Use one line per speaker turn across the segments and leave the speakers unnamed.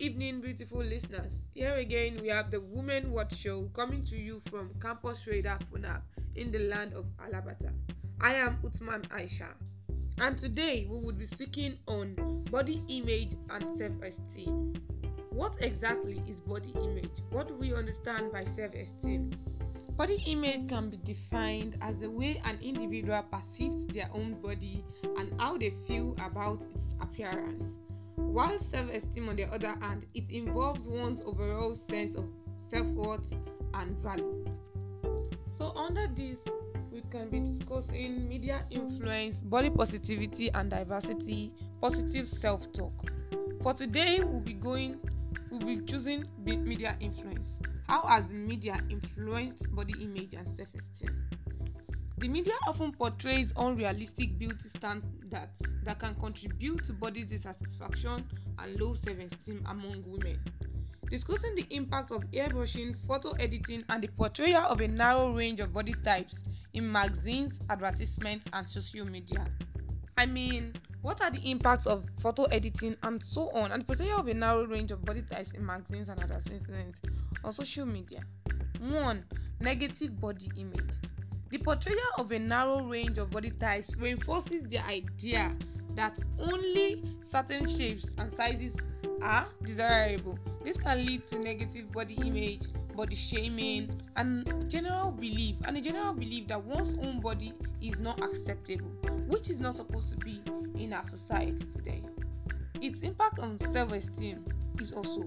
evening, beautiful listeners. Here again, we have the Women Watch Show coming to you from Campus Radar Funab in the land of Alabata. I am Utman Aisha, and today we will be speaking on body image and self esteem. What exactly is body image? What do we understand by self esteem? Body image can be defined as the way an individual perceives their own body and how they feel about its appearance. While self esteem, on the other hand, it involves one's overall sense of self worth and value. So, under this, we can be discussing media influence, body positivity and diversity, positive self talk. For today, we'll be going, we'll be choosing media influence. How has the media influenced body image and self esteem? The media often portrays unrealistic beauty standards that can contribute to body dissatisfaction and low self esteem among women. Discussing the impact of airbrushing, photo editing, and the portrayal of a narrow range of body types in magazines, advertisements, and social media. I mean, what are the impacts of photo editing and so on, and the portrayal of a narrow range of body types in magazines and advertisements on social media? 1. Negative body image. The portrayal of a narrow range of body types reinforces the idea that only certain shapes and sizes are desirable. This can lead to negative body image, body shaming, and general belief, and a general belief that one's own body is not acceptable, which is not supposed to be in our society today. Its impact on self esteem is also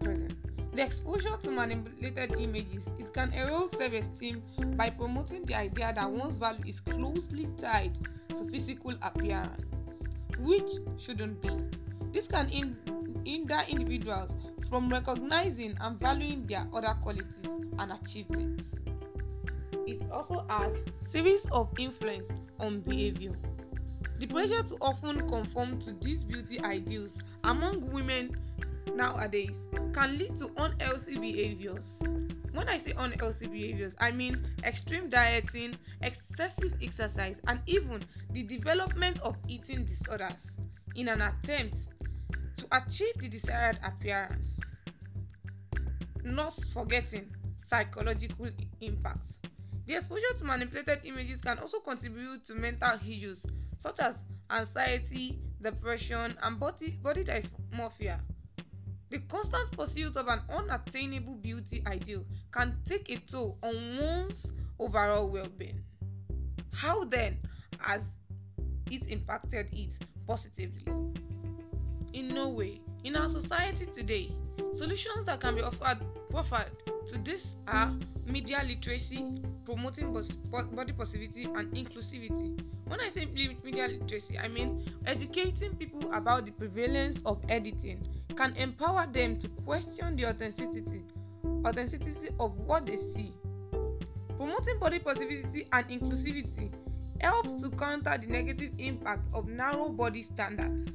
present. The exposure to manipulated images it can erode self-esteem by promoting the idea that one's value is closely tied to physical appearance, which shouldn't be. This can hinder individuals from recognizing and valuing their other qualities and achievements. It also has series of influence on behavior. The pressure to often conform to these beauty ideals among women nowadays can lead to unhealthy behaviors. When I say unhealthy behaviors, I mean extreme dieting, excessive exercise, and even the development of eating disorders in an attempt to achieve the desired appearance. Not forgetting psychological impact. The exposure to manipulated images can also contribute to mental issues such as anxiety, depression, and body, body dysmorphia. The constant pursuit of an unattainable beauty ideal can take a toll on one's overall well being. How then has it impacted it positively? In no way. In our society today, solutions that can be offered, offered to this are media literacy, promoting body positivity and inclusivity. When I say media literacy, I mean educating people about the prevalence of editing can empower them to question the authenticity authenticity of what they see. Promoting body positivity and inclusivity helps to counter the negative impact of narrow body standards.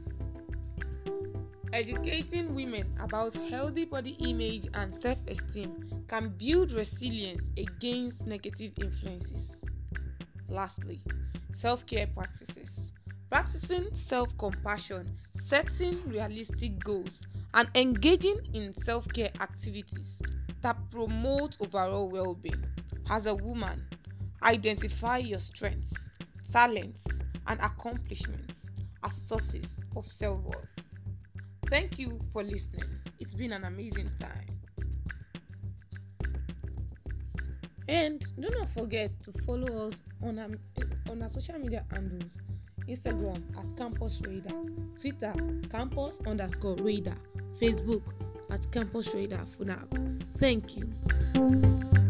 Educating women about healthy body image and self esteem can build resilience against negative influences. Lastly, self care practices. Practicing self compassion setting realistic goals and engaging in self-care activities that promote overall well-being. As a woman, identify your strengths, talents, and accomplishments as sources of self-worth. Thank you for listening. It's been an amazing time. And do not forget to follow us on our, um, on our social media handles Instagram at Campus Radar, Twitter Campus underscore Radar, Facebook at Campus Radar FUNAB. Thank you.